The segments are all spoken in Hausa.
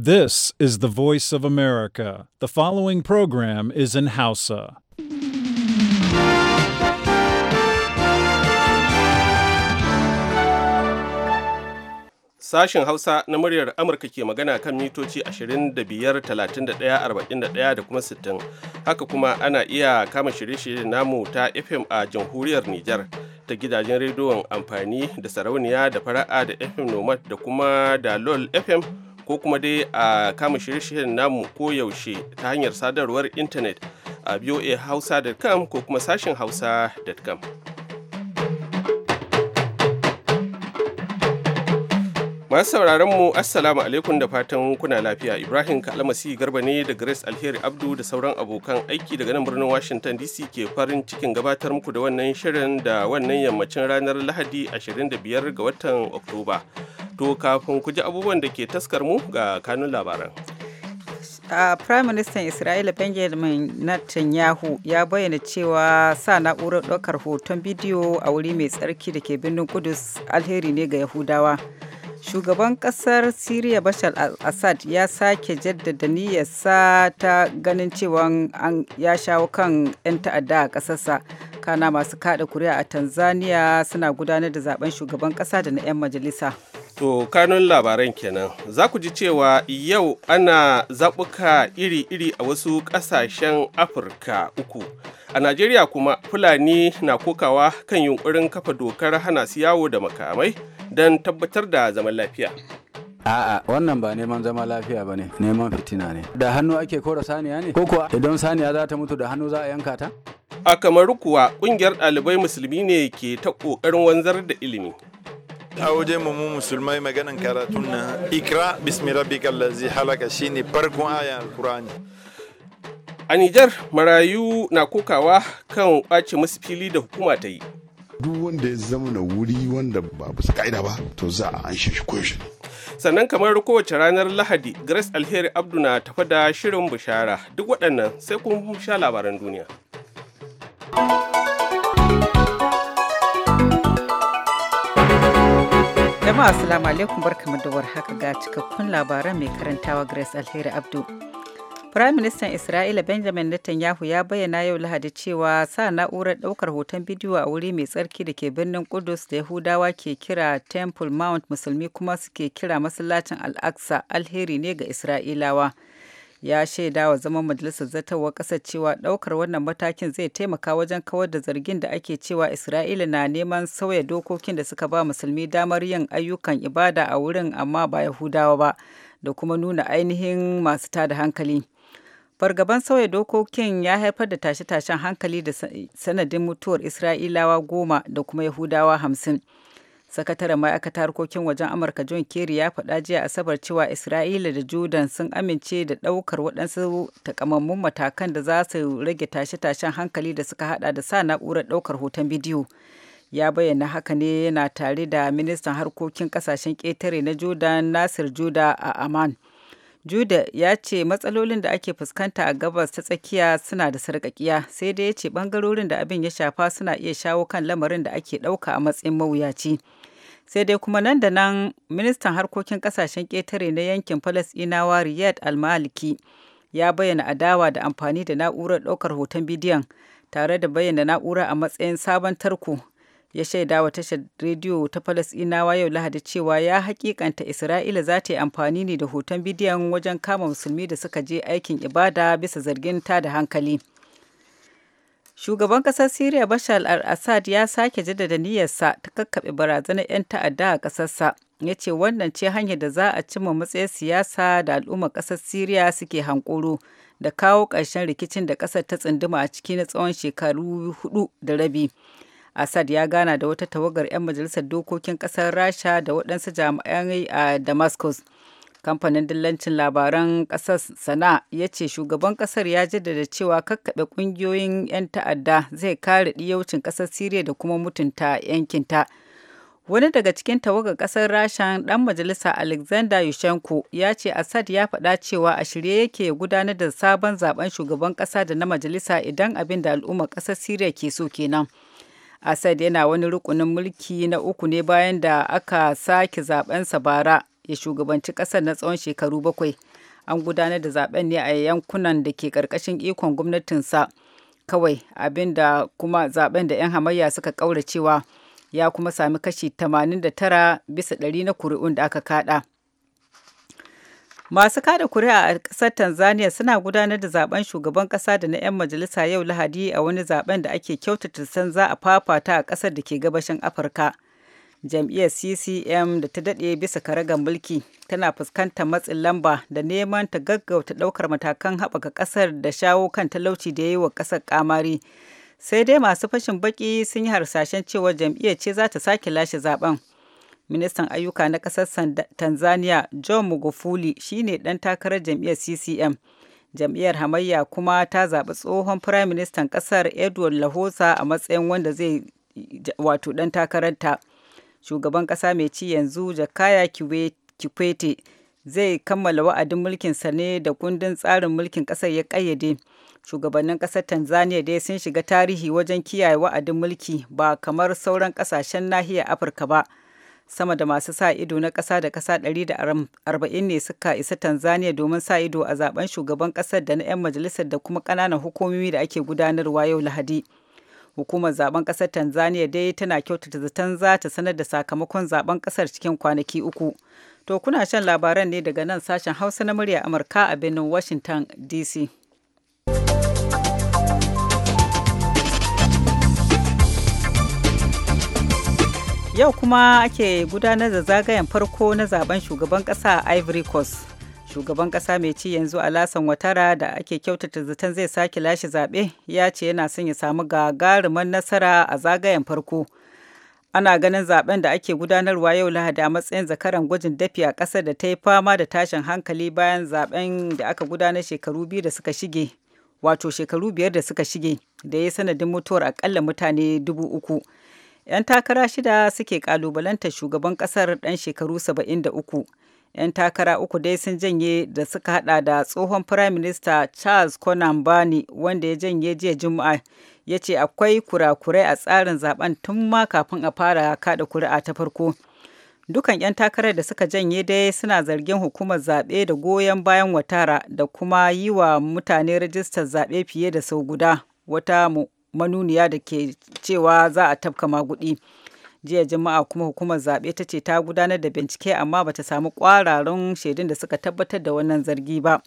This is the voice of America. The following program is in Hausa. Sashen Hausa na muryar Amurka ke magana kan mitoci 25, 31, da kuma 60. Haka kuma ana iya kama shirye-shiryen namu ta FM a jamhuriyar Nijar. ta gidajen rediyon amfani da sarauniya da fara'a da FM Nomad da kuma da LOL FM ko kuma dai a kama shirye-shiryen namu koyaushe ta hanyar sadarwar intanet a voahausa.com ko kuma sashen hausa.com. masu sauraron mu assalamu alaikum da fatan kuna lafiya ibrahim kalamasi garba ne da grace alheri abdu da sauran abokan aiki daga nan birnin washington dc ke farin cikin gabatar muku da wannan shirin da wannan yammacin ranar lahadi 25 ga watan oktoba To kafin ku ji abubuwan da ke taskar mu ga kanun labaran. Uh, Prime Minister Isra'ila Benjamin Netanyahu ya bayyana cewa sa na'urar ɗaukar hoton bidiyo a wuri mai tsarki da ke birnin Kudus alheri ne ga Yahudawa. Shugaban ƙasar Siriya Bashar al-Assad ya sake jaddada niyyarsa ta ganin cewa an ya shawo kan 'yan ta'adda a ƙasarsa. Kana masu kaɗa kuri'a a Tanzania suna gudanar da zaben shugaban ƙasa da na 'yan majalisa. To kanun labaran kenan za ku ji cewa yau ana zaɓuka iri-iri a wasu ƙasashen Afirka uku. A Najeriya kuma Fulani na kokawa kan yunkurin kafa dokar hana su yawo da makamai don tabbatar da zaman lafiya. A'a wannan ba neman zama lafiya ba ne neman fitina ne. Da hannu ake kora saniya ne? Ko kuwa idan saniya za ta mutu da hannu za a yanka ta? A kamar kuwa ƙungiyar ɗalibai musulmi ne ke ta ƙoƙarin wanzar da ilimi. a waje mu mu musulmai maganan karatun na ikra bismi rabbikal ladzi halaka shine farkon ayan alqur'ani a Nijar marayu na kokawa kan kwace musu fili da hukuma ta yi duk wanda ya zama na wuri wanda ba bisa ka'ida ba to za a an shi koyaushe sannan kamar kowace ranar lahadi grace alheri abdu na tafa da shirin bishara duk waɗannan sai kun sha labaran duniya Jama'a assalamu alaikum barkamu da haka ga cikakkun labaran mai karantawa Grace Alheri Abdu. Firayim Ministan Isra'ila Benjamin Netanyahu ya bayyana yau Lahadi cewa sa na'urar ɗaukar hoton bidiyo a wuri mai tsarki da ke birnin Kudus da Yahudawa ke kira Temple Mount Musulmi kuma suke kira masallacin Al-Aqsa alheri ne ga Isra'ilawa. ya shaida wa zaman majalisar zartarwa ƙasar cewa ɗaukar wannan matakin zai taimaka wajen kawar da zargin da ake cewa isra'ila na neman sauya dokokin da suka ba musulmi damar yin ayyukan ibada a wurin amma ba yahudawa ba da kuma nuna ainihin masu tada hankali fargaban sauya dokokin ya haifar da tashe-tashen hankali da sanadin mutuwar isra'ilawa goma da kuma yahudawa hamsin sakataren ma'aikatar harkokin wajen amurka john kerry ya faɗa jiya asabar cewa isra'ila da jordan sun amince da ɗaukar waɗansu takamammun matakan da za su rage tashe-tashen hankali da suka haɗa da sa na'urar ɗaukar hoton bidiyo ya bayyana haka ne yana tare da ministan harkokin ƙasashen ƙetare na jordan nasir juda a amman juda ya ce matsalolin da ake fuskanta a gabas ta tsakiya suna da sarƙaƙiya sai dai ya ce ɓangarorin da abin ya shafa suna iya shawo kan lamarin da ake ɗauka a matsayin mawuyaci sai dai kuma nan da nan ministan harkokin kasashen ƙetare na yankin falasɗinawa riyad almaliki ya bayyana adawa da amfani da na'urar ɗaukar hoton bidiyon tare da bayyana na'ura a matsayin sabon tarko ya shaida wa tashar rediyo ta falasɗinawa yau lahadi cewa ya hakikanta isra'ila za ta yi amfani ne da hoton bidiyon wajen kama musulmi da suka je aikin ibada bisa zargin ta da hankali Shugaban ƙasar Siriya Bashar al-Assad ya sake jaddada niyyarsa ta kakkaɓe barazanar 'yan ta'adda a ƙasarsa. Ya ce wannan ce hanyar da za a cimma matsayin siyasa da al'ummar ƙasar Siriya suke hankoro da kawo ƙarshen rikicin da ƙasar ta tsunduma a ciki na tsawon shekaru hudu da rabi. Assad ya gana da wata tawagar 'yan majalisar dokokin ƙasar Rasha da waɗansu jami'ai a Damascus. kamfanin dillancin labaran ƙasar sana ya ce shugaban ƙasar ya jaddada cewa kakkaɓe ƙungiyoyin 'yan ta'adda zai kare ɗiyaucin ƙasar siriya da kuma mutunta yankinta wani daga cikin tawagar ƙasar rasha ɗan majalisa alexander yushenko ya ce assad ya faɗa cewa a shirye yake gudanar da sabon zaben shugaban ƙasa da na majalisa idan abin da al'ummar ƙasar siriya ke so kenan Assad yana wani rukunin mulki na uku ne bayan da aka sake sa bara ya shugabanci ƙasar na tsawon shekaru bakwai an gudanar da zaben ne a yankunan da ke ƙarƙashin ikon gwamnatinsa kawai abinda kuma zaben da 'yan hamayya suka ƙauracewa ya kuma sami kashi 89 bisa ɗari na kuri'un da aka kada masu kada kuri'a a ƙasar tanzania suna gudanar da zaben shugaban ƙasa da na 'yan majalisa yau lahadi a wani zaben da ake kyautata san za a fafata a ƙasar da ke gabashin afirka jam'iyyar ccm da ta daɗe bisa karagar mulki tana fuskantar matsin lamba da neman ta gaggauta ɗaukar matakan haɓaka ƙasar da shawo kan talauci da ya yi wa ƙasar ƙamari sai dai masu fashin baƙi sun yi harsashen cewa jam'iyyar ce za ta sake lashe zaben ministan ayyuka na ƙasar tanzania john mugufuli shine ɗan takarar jam'iyyar ccm jam'iyyar hamayya kuma ta zaɓi tsohon firayim ministan ƙasar edward lahosa a matsayin wanda zai wato ɗan takararta shugaban ƙasa mai ci yanzu jakaya kikwete zai kammala wa'adin mulkinsa ne da kundin tsarin mulkin ƙasar ya ƙayyade shugabannin ƙasar tanzania dai sun shiga tarihi wajen kiyaye wa'adin mulki ba kamar sauran ƙasashen nahiyar afirka ba sama da masu sa ido na kasa da ƙasa 140 ne suka isa tanzania domin sa ido a zaben shugaban ƙasar da na 'yan majalisar da kuma ƙananan hukumomi da ake gudanarwa yau lahadi hukumar zaben kasar tanzania dai tana kyautata zaton za ta sanar da sakamakon zaben kasar cikin kwanaki uku to kuna shan labaran ne daga nan sashen hausa na murya amurka a birnin washington dc yau kuma ake gudanar da zagayen farko na zaben shugaban kasa a ivory coast shugaban kasa mai ci yanzu alasan watara da ake kyautata zaton zai sake lashe zaɓe ya ce yana son ya samu gagarumin nasara a zagayen farko ana ganin zaben da ake gudanarwa yau lahadi a matsayin zakaran gwajin dafi a ƙasar da ta yi fama da tashin hankali bayan zaben da aka gudanar shekaru biyu da suka shige wato shekaru biyar da suka shige da ya sanadin mutuwar akalla mutane dubu uku 'yan takara shida suke kalubalantar shugaban kasar dan shekaru saba'in da uku. 'yan takara uku dai sun janye da suka hada da tsohon firaminista charles conan bani wanda ya janye jiya juma'a ya ce akwai kurakurai a tsarin zaben tun ma kafin a fara kada kuri'a ta farko dukan 'yan takarar da suka janye dai suna zargin hukumar zaɓe da goyon bayan watara da kuma yi wa mutane rajistar zaɓe fiye da sau guda wata manuniya da ke cewa za a tafka maguɗi. jiya juma'a kuma hukumar zaɓe ta ce ta gudanar da bincike amma bata samu ƙwararrun shaidun da suka tabbatar da wannan zargi ba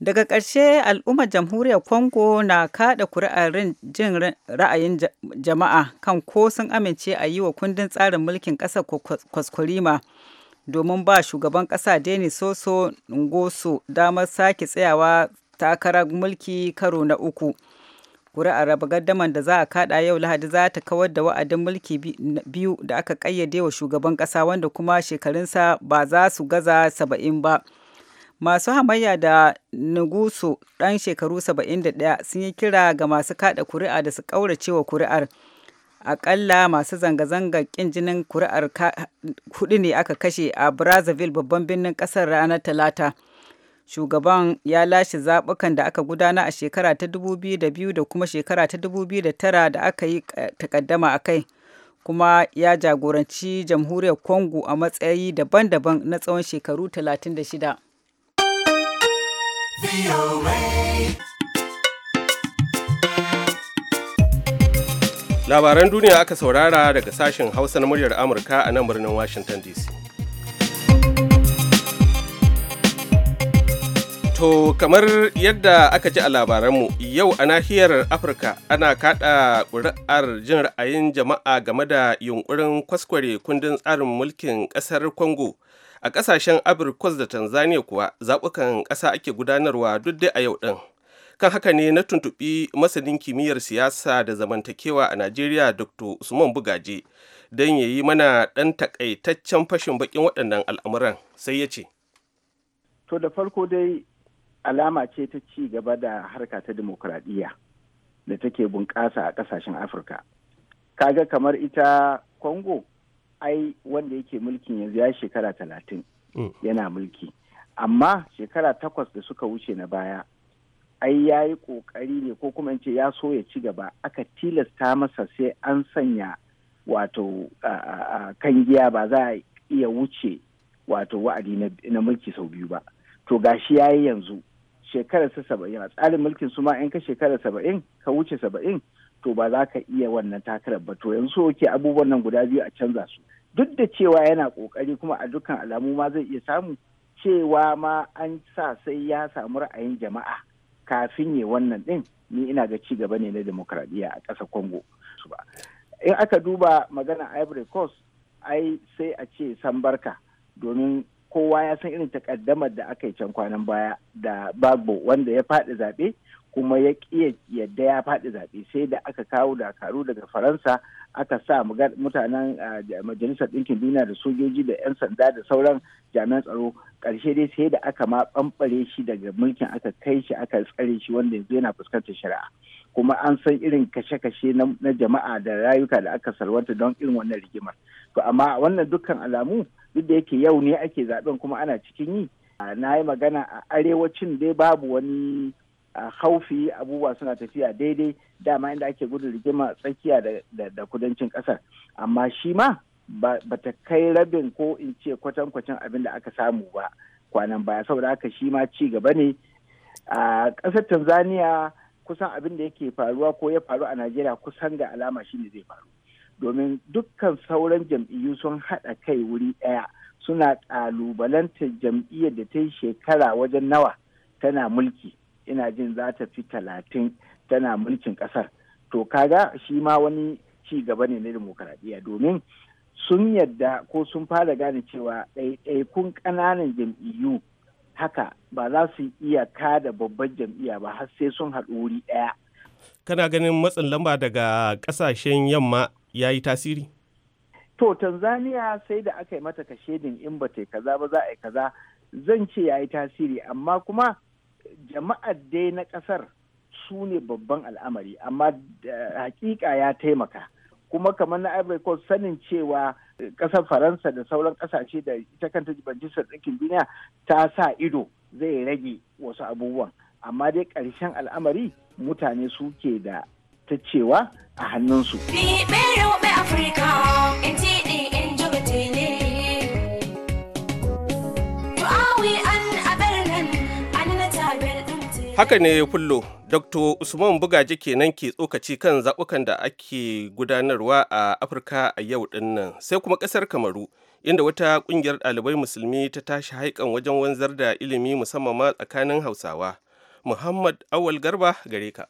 daga ƙarshe al'ummar jamhuriyar congo na kaɗa kuri'ar jin ra'ayin jama'a kan ko sun amince a yi wa kundin tsarin mulkin ƙasar kwaskwarima domin ba shugaban ƙasa deni soso ngoso damar sake tsayawa takarar mulki karo na uku Kuri'ar raba gardamar da za a kada yau Lahadi za ta kawar da wa'adin mulki biyu da aka kayyade wa shugaban kasa wanda kuma shekarunsa ba za su gaza saba'in ba. Masu hamayya da Nuguso ɗan shekaru saba'in da 71 sun yi kira ga masu kada kuri'a da su ƙauracewa kuri'ar. aƙalla masu zanga-zanga ƙin jinin kuri'ar hudu ne aka kashe a Brazzaville babban birnin ƙasar ranar Talata. shugaban ya lashe zaɓukan da aka gudana a shekara ta 2002 da kuma shekara ta 2009 da aka yi eh, takaddama a kai kuma ya jagoranci jamhuriyar congo a matsayi daban-daban na tsawon shekaru 36 labaran duniya aka saurara daga sashen hausa na muryar amurka a nan birnin washington dc To kamar yadda aka ji a labaranmu yau a nahiyar Afirka ana kaɗa ƙuri'ar jin ra'ayin jama'a game da yunkurin kwaskware kundin tsarin mulkin ƙasar Congo. A ƙasashen Abirkos da Tanzania kuwa zaɓukan ƙasa ake gudanarwa duk dai a yau ɗin. Kan haka ne na tuntuɓi masanin kimiyyar siyasa da zamantakewa a Najeriya Dr. Usman Bugaje don ya yi mana ɗan takaitaccen fashin baƙin waɗannan al'amuran sai ya ce. To da farko dai alama ce ta ci gaba da harka ta demokradiyya da take bunƙasa a ƙasashen afirka kaga kamar ita congo ai wanda yake mulkin yanzu ya shekara talatin mm. yana mulki amma shekara takwas da suka wuce na baya ai ya yi ƙoƙari ne ko kuma ce ya so ya ci gaba aka tilasta masa sai an sanya wato giya ba za a iya wuce wato wa'adi na mulki sau biyu ba to gashi ya yi yanzu shekarar sa saba'in a tsarin mulkin su ma in ka shekarar saba'in ka wuce saba'in to ba za ka iya wannan takarar ba to yanzu oke abubuwan nan guda biyu a canza su duk da cewa yana kokari kuma a dukkan alamu ma zai iya samu cewa ma an sa sai ya samu ra'ayin jama'a kafin ya wannan din ni ina ga ci gaba ne na demokradiyya a ƙasar Congo in aka duba magana Ivory Coast ai sai a ce san barka domin kowa ya san irin takaddamar da aka yi can kwanan baya da babu wanda ya faɗi zaɓe kuma ya yadda ya faɗi zaɓe sai da aka kawo dakaru daga faransa aka sa mutanen majalisar ɗinkin duniya da sojoji da 'yan sanda da sauran jami'an tsaro ƙarshe dai sai da aka ma ɓamɓare shi daga mulkin aka kai shi aka tsare shi wanda yanzu yana fuskantar shari'a kuma an san irin kashe-kashe na jama'a da rayuka da aka salwanta don irin wannan rigimar to amma wannan dukkan alamu duk da yake yau ne ake zaɓen kuma ana cikin yi na yi magana a arewacin dai babu wani haufi abubuwa suna tafiya daidai dama inda ake gudun rigima tsakiya da kudancin kasar amma shi ma ba ta kai rabin ko in ce kwatankwacin abin da aka samu ba kwanan baya saboda haka shi ma ci gaba ne a kasar tanzania kusan abin da yake faruwa ko ya faru a najeriya kusan ga alama shi ne zai faru domin dukkan sauran jam'iyyu sun haɗa kai wuri ɗaya suna ƙalubalantar jam'iyyar da ta yi shekara wajen nawa tana mulki ina jin za ta fi talatin tana mulkin ƙasar to kaga shi ma wani ci gaba ne na demokaradiyya domin sun yadda ko sun fara gane cewa ɗaiɗaikun ƙananan jam'iyyu haka ba za su iya kada babban jam'iyya ba har sai sun haɗu wuri ɗaya. Kana ganin matsin lamba daga ƙasashen yamma ya yi tasiri? To, Tanzania sai da aka yi mata kashedin in ba ta kaza ba za a yi kaza zan ce ya yi tasiri amma kuma jama'ar dai na ƙasar su ne babban al'amari amma eh, hakika ya taimaka kuma kamar na ivory coast sanin cewa eh, ƙasar faransa da sauran ƙasashe da ita kanta majalisar ɗinkin duniya ta sa ido zai rage wasu abubuwan amma dai ƙarshen al'amari mutane su ke da ta cewa a hannunsu. Afirka, haka ne kullo dr usman bugaji kenan ke tsokaci kan zaɓukan da ake gudanarwa a afirka a yau dinnan sai kuma ƙasar kamaru inda wata ƙungiyar ɗalibai musulmi ta tashi haikan wajen wanzar da ilimi musamman ma tsakanin hausawa muhammad awal garba gare ka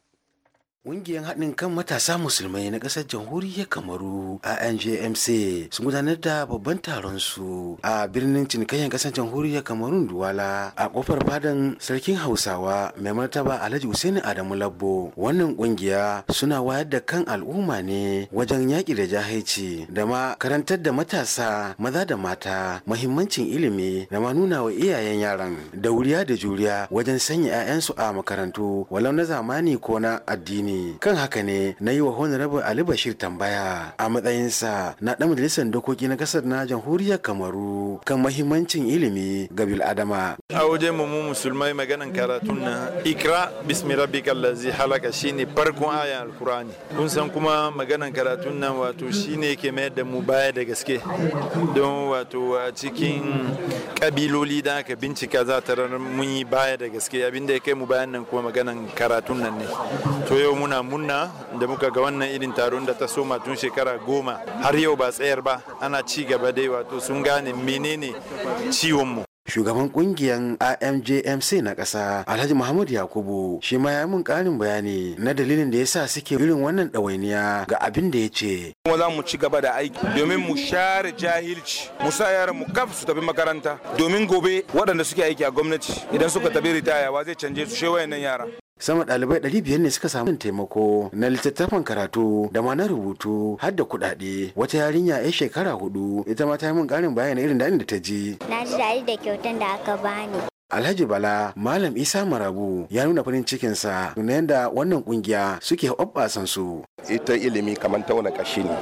Ƙungiyar haɗin kan matasa musulmai na ƙasar jamhuriyar Kamaru a NJMC sun gudanar da babban taron su a birnin cinikayyar ƙasar jamhuriyar kamaru Duwala a ƙofar fadan sarkin Hausawa mai martaba Alhaji Usaini Adamu Labbo. Wannan ƙungiya suna wayar da kan al'umma ne wajen yaƙi da jahaici da ma karantar da matasa maza da mata mahimmancin ilimi da ma nuna wa iyayen yaran da wuriya da juriya wajen sanya 'ya'yansu a makarantu walau na zamani ko na addini. ne kan haka ne na yi wa honorable ali bashir tambaya a matsayinsa na ɗan majalisar dokoki na ƙasar na jamhuriyar kamaru kan mahimmancin ilimi ga bil'adama a waje mu musulmai maganan karatun na ikra bismi rabbikal ladzi halaka shine farkon ayan alkurani kun san kuma maganan karatun nan wato shine ke mayar da mu baya da gaske don wato a cikin kabiloli da aka bincika za ta mun yi baya da gaske abinda ya kai mu bayan nan kuma maganan karatun nan ne to yau muna munna da muka ga wannan irin taron da ta soma tun shekara goma har yau ba tsayar ba ana ci gaba dai wato sun gane menene ciwon ciwonmu shugaban kungiyar amjmc na ƙasa alhaji muhammad yakubu shi ma ya mun ƙarin bayani na dalilin da ya sa suke irin wannan ɗawainiya ga abin da ya ce kuma za mu ci gaba da aiki domin mu share jahilci mu sa yaran mu kaf su tafi makaranta domin gobe waɗanda suke aiki a gwamnati idan suka tafi ritaya wa zai canje su shewayen nan yara sama ɗalibai ɗari biyar ne suka samu taimako na littattafan karatu da ma na rubutu har da kuɗaɗe wata yarinya ya shekara hudu ita ma ta yi min ƙarin bayani irin daɗin da ta ji. na ji daɗi da kyautan da aka bani. Alhaji Bala Malam Isa Marabu ya nuna farin cikinsa na yadda wannan kungiya suke hoɓɓasan su. Ita ilimi kamar ta wani ƙashi ne.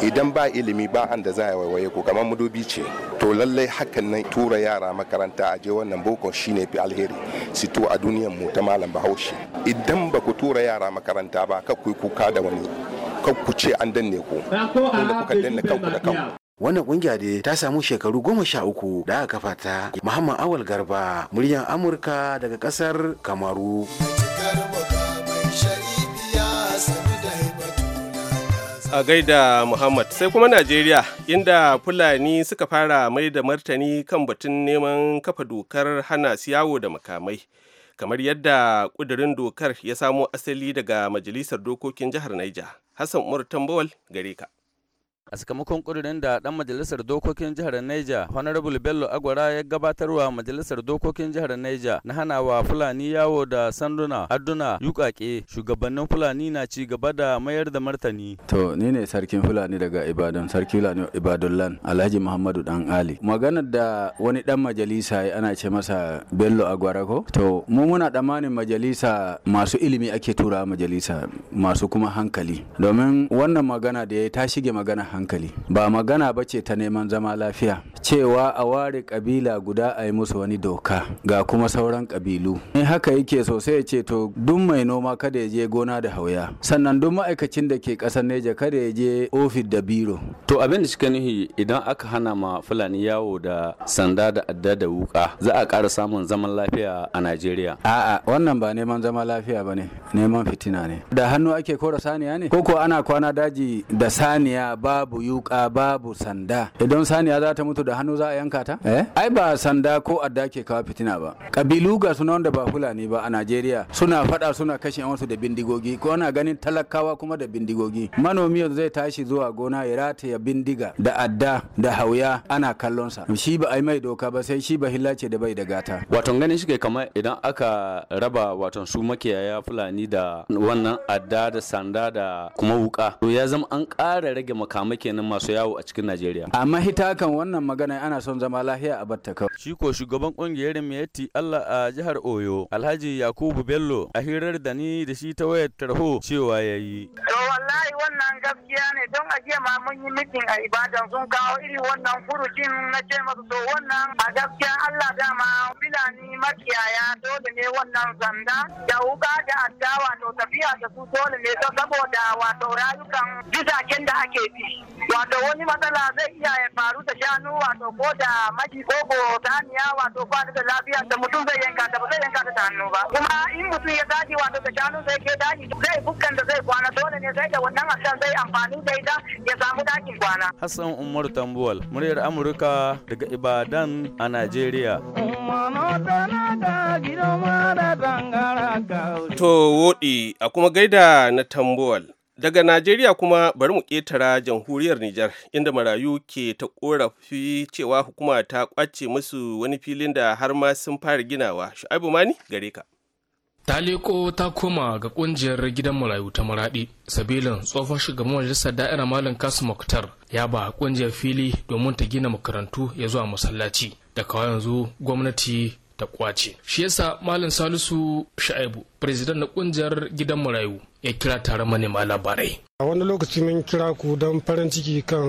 idan ba ilimi ba an da za a waiwaye ko kamar mudubi ce to lallai hakan nan tura yara makaranta a je wannan boko shine fi alheri sito a duniyar mu ta malam bahaushe idan ba ku tura yara makaranta ba ka ku kuka da wani kan ku ce an danne ku dole kuka danne kanku da kanku wannan kungiya dai ta samu shekaru goma sha uku da aka kafa ta muhammad awal garba muryan amurka daga kasar kamaru a gaida muhammad sai kuma najeriya inda fulani suka fara mai da martani kan batun neman kafa dokar hana siyawo da makamai kamar yadda ƙudurin dokar ya samo asali daga majalisar dokokin jihar niger hassan umar tambawal gare ka a sakamakon kudurin da dan majalisar dokokin jihar Niger Honorable Bello Agwara ya gabatarwa majalisar dokokin jihar Niger na hanawa Fulani yawo da sanduna adduna yukake shugabannin Fulani na ci gaba da mayar da martani. To ni ne sarkin Fulani daga Ibadan sarki Fulani Ibadullan Alhaji Muhammadu Dan Ali. Magana da wani dan majalisa ya ana ce masa Bello Agwara ko? To mu muna ɗamanin majalisa masu ilimi ake tura majalisa masu kuma hankali domin wannan magana da ya ta shige magana hankali ba magana ba ce ta neman zama lafiya cewa a ware kabila guda a yi musu wani doka ga kuma sauran kabilu in haka yake sosai ya ce to duk mai noma kada ya je gona da hauya sannan duk ma'aikacin da ke kasar neja kada ya je ofis da biro to abin da suka idan aka hana ma fulani yawo da sanda da adda da wuka za a ƙara samun zaman lafiya a najeriya a'a wannan ba neman zama lafiya ba ne neman fitina ne da hannu ake kora saniya ne ko ko ana kwana daji da saniya babu babu yuka babu sanda idan saniya za ta mutu da hannu za a yanka ta eh ai ba sanda ko adda ke kawo fitina ba kabilu ga suna wanda ba fulani ba a Najeriya suna fada suna kashe wasu da bindigogi ko ana ganin talakawa kuma da bindigogi manomi yanzu zai tashi zuwa gona ya rataya bindiga da adda da hauya ana kallon sa shi ba ai mai doka ba sai shi ba hillace da bai da gata wato ganin shi kamar idan aka raba wato su makiyaya fulani da wannan adda da sanda da kuma wuka to ya zama an ƙara rage makamai kenan masu yawo a cikin Najeriya. A mahita kan wannan magana ana son zama lahiya a batta kawai. Shi ko shugaban kungiyar Miyatti Allah a jihar Oyo, Alhaji Yakubu Bello, a hirar da ni da shi ta wayar tarho cewa yayi. To wallahi wannan gaskiya ne don a jiya ma mun yi mitin a Ibadan sun kawo iri wannan furucin na ce masu to wannan a gaskiya Allah dama filani makiyaya dole ne wannan zanda da wuka da addawa to tafiya da su dole ne saboda wato rayukan gizaken da ake bi. wato wani matsala zai iya ya faru da shanu wato ko da maki ko ko saniya wato ba da lafiya da mutum zai yanka da ba zai yanka da hannu ba kuma in mutum ya tashi wato da shanu sai ke daji zai bukkan da zai kwana dole ne sai da wannan asan zai amfani da ita ya samu dakin kwana Hassan Umar Tambuwal muryar Amurka daga Ibadan a Najeriya To wodi a kuma gaida na Tambuwal daga najeriya kuma bari mu ƙetara jamhuriyar nijar inda marayu ke ta ƙorafi cewa hukuma ta ƙwace musu wani filin da har ma sun fara ginawa shu'aibu mani gare ka ta leko ta koma ga ƙungiyar gidan marayu ta maradi sabilin tsohon shugaban majalisar da'ira malam kasu muktar ya ba ƙungiyar fili domin ta gina makarantu ya zuwa masallaci da kawai yanzu gwamnati ta kwace shi yasa malam salisu sha'ibu president na ƙungiyar gidan marayu ya kira tare manema labarai a wani lokaci mun kira ku don farin ciki kan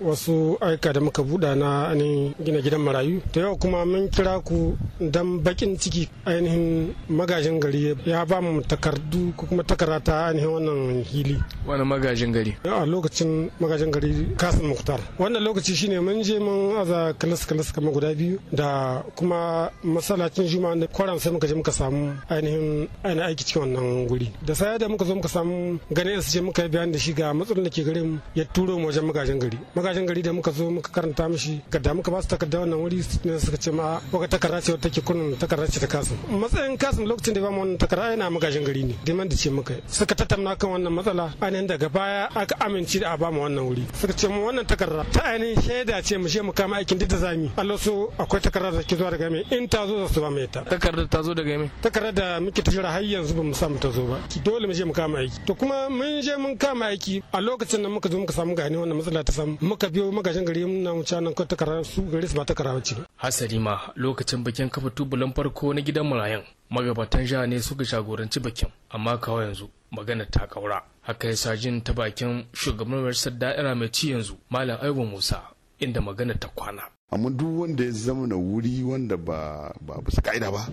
wasu aika da muka buɗa na ainihin gina gidan marayu da yau kuma mun kira ku don bakin ciki ainihin magajin gari ya ba mu takardu ko kuma takarata ta ainihin wannan hili wani magajin gari a lokacin magajin gari kasim muktar wannan lokaci shine mun je mun aza kalas kalas kama guda biyu da kuma masalacin juma da kwaran sai muka je muka samu ainihin aiki cikin wannan guri da sai da muka zo muka samu ganin su je muka biya bayan da shi ga matsalolin da ke gare mu ya turo mu wajen magajin gari magajin gari da muka zo muka karanta mishi gadda muka ba su takarda wannan wuri ne suka ce ma wata takarda ce wata take kunun takarda ce ta kasu matsayin kasu lokacin da ba mu wannan takarda yana magajin gari ne dai man da ce muka suka tattauna kan wannan matsala ainihin daga baya aka amince da a ba mu wannan wuri suka ce mu wannan takarda ta ainihin shaida ce mu je mu kama aikin duk da zami Allah so akwai takarda da ke zuwa daga mai in ta zo za su ba mai ta takarda ta zo daga mai takarda da muke tafiya har yanzu ba mu samu ta zo ba dole mu je mu kama aiki to kuma mun je mun kama ma aiki a lokacin da muka zo muka samu gani wannan matsala ta samu muka biyo magajin gari muna wuce nan ko ta kara su gari su ba kara wuce hasali ma lokacin bikin kafa tubulan farko na gidan marayan magabatan jiha ne suka shagoranci bikin amma kawa yanzu magana ta kaura haka yasa jin ta bakin shugaban majalisar da'ira mai ci yanzu malam aiwa musa inda magana ta kwana amma duk wanda ya zama na wuri wanda ba ba bisa ka'ida ba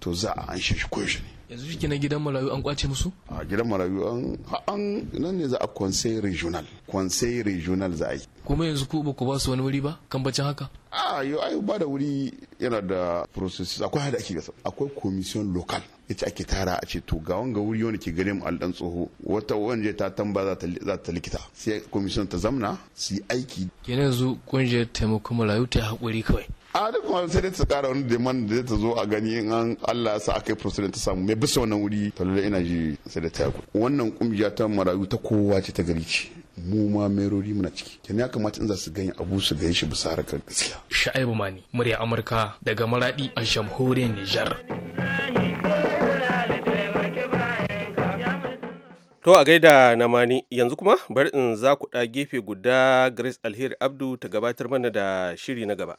to za a an shi koyaushe ne yanzu shi na gidan marayu an kwace musu a gidan marayu an an nan ne za a conseil regional conseil regional za a yi kuma yanzu ku ba ku ba su wani wuri ba kan bacin haka a yo ai ba da wuri yana da processes akwai hada ake gasa akwai commission local ita ake tara a ce to ga wanga wuri wani ke gare mu aldan tsoho wata wanje ta tamba za ta likita sai commission ta zamna su yi aiki kenan yanzu kungiyar taimakon marayu ta hakuri kawai a da kuma sai dai ta kara wani demand da ta zo a gani in an Allah ya sa aka yi president ta samu mai bisa wannan wuri to lalle ji sai da ta yaku wannan kungiya ta marayu ta kowa ce ta gari ce mu ma merori muna ciki kenan ya kamata in za su ganye abu su ganye shi bisa harkar gaskiya sha'ibu mani murya amurka daga maradi a jamhuriyar nijar To a gaida na mani yanzu kuma bari in za ku ɗa gefe guda Grace Alheri Abdu ta gabatar mana da shiri na gaba.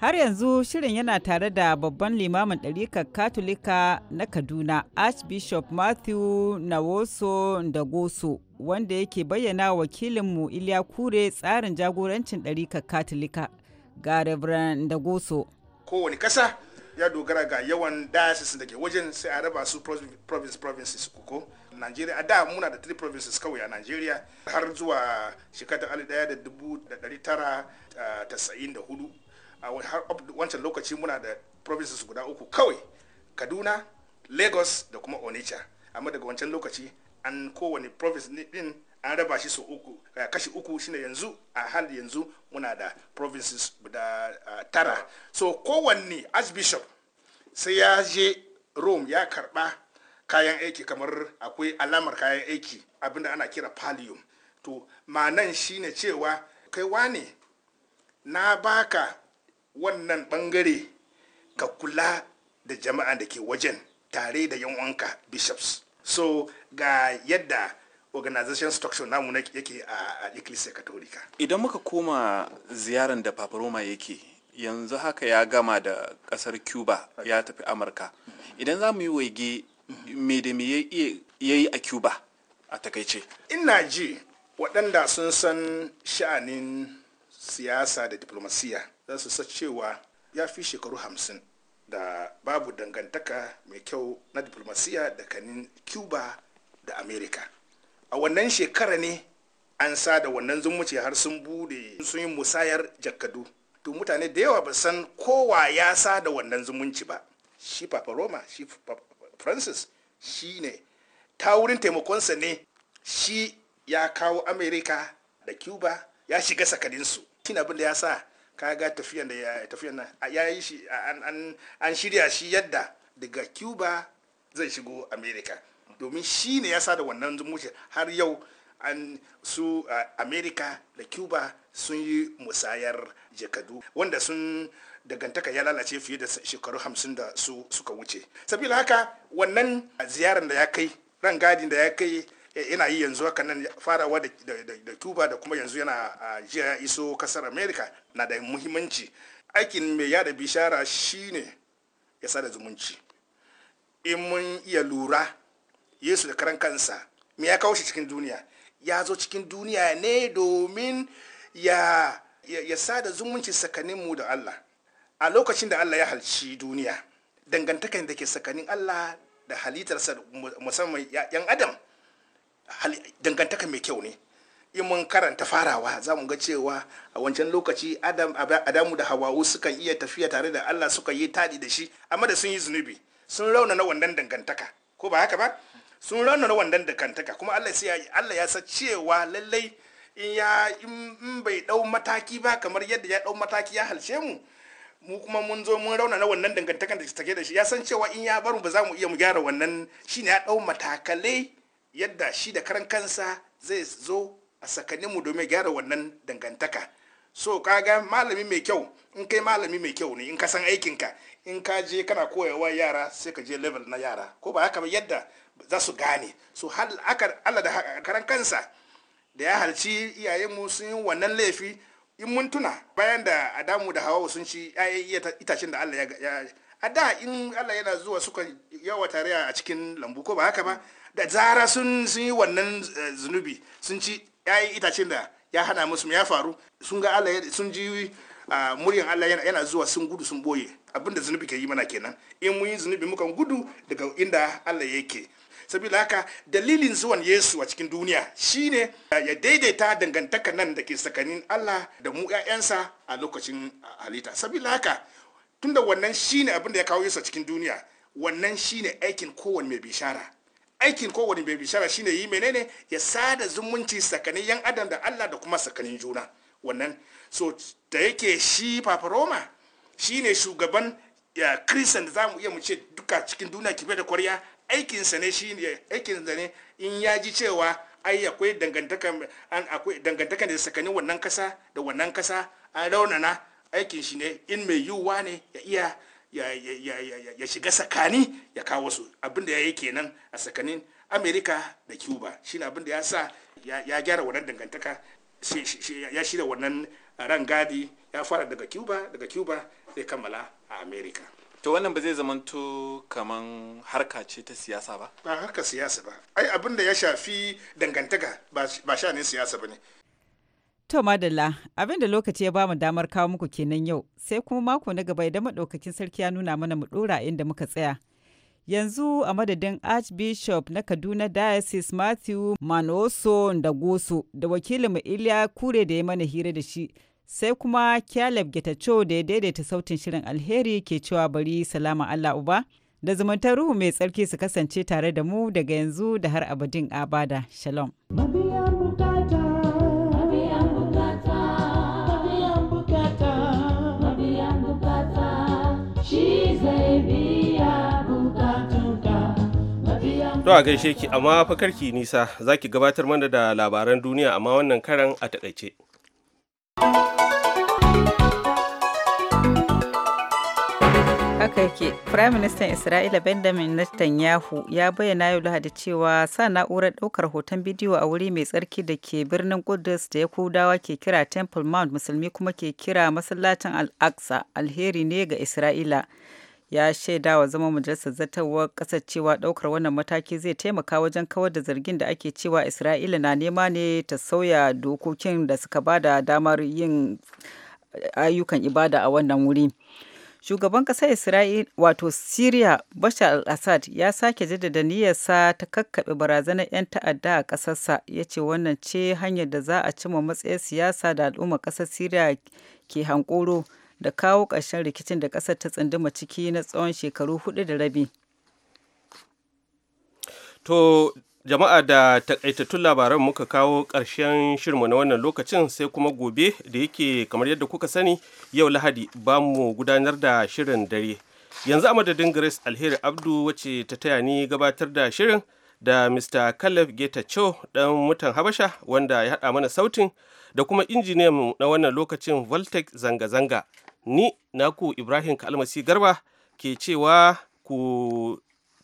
Har yanzu shirin yana tare da babban limamin ɗarikar Katolika na Kaduna, Archbishop Matthew Nawoso Ndagoso, wanda yake bayyana wakilinmu Iliya Kure tsarin jagorancin ɗarikar Katolika ga Reverend Ndagoso. Kowane ƙasa ya dogara ga yawan diocese da ke wajen sai a raba su province provinces kuko. Nigeria, a da muna da three provinces kawai a nigeria har zuwa shekarar 1994 a har wancan lokaci muna da provinces guda uku kawai kaduna lagos da kuma onitsha amma daga wancan lokaci an kowane province din an raba shi su uku eh, kashi uku shine yanzu a hal yanzu muna da provinces guda eh, tara so kowanne archbishop sai ya je rome ya karba kayan aiki kamar akwai alamar kayan aiki abinda ana kira pallium to manan shine cewa kai wane na baka wannan bangare ka kula da jama'a da ke wajen tare da yan wanka bishops so ga yadda organization structure namu na yake a ecclesia katolika idan muka koma ziyarar da roma yake yanzu haka ya gama da kasar cuba ya tafi amurka idan za mu yi waige da me ya yi a cuba a takaice ina ji waɗanda sun san sha'anin siyasa da diplomasiya za su san cewa ya fi shekaru hamsin da babu dangantaka mai kyau na diplomasiya kanin cuba da america a wannan shekara ne an sa da wannan zumunci har sun bude sun yi musayar jakadu to mutane da yawa ba san kowa ya sa da wannan zumunci ba shi papa roma shi francis shi ne ta wurin taimakonsa ne shi ya kawo america da cuba ya shiga sakadinsu shi abin da ya sa kaga tafiyan da tafiyan nan ya yi shi an shirya shi yadda daga cuba zai shigo america domin shi ne ya sa da wannan zumunci har yau an su america da cuba sun yi musayar jakadu wanda sun dagantaka ya lalace fiye da shekaru hamsin da su suka wuce sabila haka wannan ziyarar da ya kai rangadin da ya kai yana eh, yi yanzu haka nan farawa da cuba da kuma yanzu yana jiya ya iso kasar america na da muhimmanci aikin mai yada bishara shine ya sada zumunci in mun iya lura yesu da karan kansa me ya kawo shi cikin duniya ya zo cikin duniya ne domin ya sada zumunci mu da allah a lokacin da allah ya halci duniya dangantakan da ke tsakanin allah da halittarsa musamman 'yan adam dangantaka mai kyau ne in mun karanta farawa za mu ga cewa a wancan lokaci adamu da hawawu sukan iya tafiya tare da allah suka yi tadi da shi amma da sun yi zunubi sun raunana wannan dangantaka ko ba haka ba sun raunana wannan dangantaka kuma allah ya sa cewa lallai in ya in bai dau mataki ba kamar yadda ya dau mataki ya halce mu mu kuma mun zo mun rauna na wannan dangantakan da take da shi ya san cewa in ya bar mu ba za mu iya mu gyara wannan shine ya dau matakalai yadda shi da karan kansa zai zo a sakaninmu domin gyara wannan dangantaka so kaga malami mai kyau in kai malami mai kyau ne in ka san aikinka in ka je kana koyawa yara sai ka je level na yara ko ba haka ba yadda za su gane so Allah da karan kansa da ya halci iyayenmu sun yi wannan laifi in mun tuna bayan da adamu da hawa sun ci itacen da Allah ya a da in Allah yana zuwa suka yawa tare a cikin lambu ko ba haka ba da zara sun yi wannan eh, zunubi sun ci ya yi itacen da ya hana musu ya faru sun ga Allah sun ji ah, muryan Allah yana zuwa sun gudu sun boye abinda zunubi ke yi mana kenan in mun yi zunubi mukan gudu daga inda Allah yake saboda haka dalilin zuwan Yesu a cikin duniya shine eh, ya daidaita dangantaka nan da ke tsakanin Allah da mu 'ya'yansa a lokacin ah, halitta saboda haka tunda wannan shine abin ya kawo Yesu a cikin duniya wannan shine aikin kowane mai bishara aikin kowane bai bishara shine yi menene ya sada zumunci tsakanin yan adam da Allah da kuma tsakanin juna wannan so da yake shi papa shine shugaban ya kristan da zamu iya mu ce duka cikin duniya kife da kwarya aikinsa ne shine aikinsa ne in ya ji cewa ai akwai dangantaka an akwai dangantaka da tsakanin wannan kasa da wannan kasa an raunana aikin shi ne in mai yiwuwa ne ya iya ya shiga sakani ya kawo su abinda ya yi kenan a tsakanin amerika da cuba shi ne abinda ya sa ya gyara wannan dangantaka ya shirya wannan gadi ya fara daga cuba daga cuba zai kammala a amerika to wannan ba zai zamanto kamar harka ce ta siyasa ba ba harka siyasa ba ai abin ya shafi dangantaka ba sha ne siyasa ba ne To madalla abin da lokaci ya bamu damar kawo muku kenan yau sai kuma mako na gaba idan maɗaukakin sarki ya nuna mana mu ɗora inda muka tsaya. Yanzu a madadin Archbishop na Kaduna Diocese Matthew Manoso da Goso da wakilin mu Iliya Kure da ya mana hira da shi sai kuma Caleb Getacho da ya daidaita sautin shirin alheri ke cewa bari salama Allah Uba da zumuntar ruhu mai tsarki su kasance tare da mu daga yanzu da har abadin abada. Shalom. To a gaishe ki amma fakar ki nisa za ki gabatar mana da labaran duniya amma wannan karan a takaice. haka prime minister isra'ila benjamin netanyahu ya bayyana yau lahadi cewa sa na'urar ɗaukar hoton bidiyo a wuri mai tsarki da ke birnin kudus da ya kudawa ke kira temple mount musulmi kuma ke kira masallacin al-aqsa alheri ne ga isra'ila ya shaida wa zama majalisar zartarwa ƙasar cewa ɗaukar wannan mataki zai taimaka wajen kawar da zargin da ake cewa isra'ila na nema ne ta sauya dokokin da suka ba da damar yin ayyukan ibada a wannan wuri shugaban ƙasar isra'ila wato syria bashar al-assad ya sake jaddada niyyarsa ta kakkaɓe barazanar 'yan ta'adda a ƙasarsa ya ce wannan ce hanyar da za a cimma matsayin siyasa da al'ummar ƙasar syria ke hankoro da kawo ƙarshen rikicin da ƙasar ta tsunduma ciki na tsawon shekaru hudu da rabi. To jama'a da takaitattun labaran muka kawo ƙarshen shirmu na wannan lokacin sai kuma gobe da yake kamar yadda kuka sani yau lahadi ba mu gudanar da shirin dare yanzu a madadin grace alheri abdu wace ta taya ni gabatar da shirin da mr caleb getacho dan mutan habasha wanda ya haɗa mana sautin da kuma injiniyan na wannan lokacin voltec zanga-zanga ni naku ibrahim kalmasi garba ke cewa ku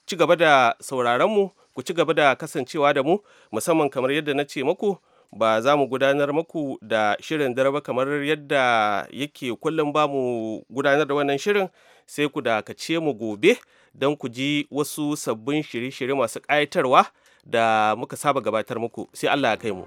ci gaba da sauraronmu ku ci gaba da kasancewa da mu musamman kamar yadda na ce muku ba za mu gudanar muku da shirin dare ba kamar yadda yake kullum ba mu gudanar da wannan shirin sai ku dakace mu gobe don ku ji wasu sabbin shirye-shirye masu ƙayatarwa da muka saba gabatar muku sai allah ya kai mu.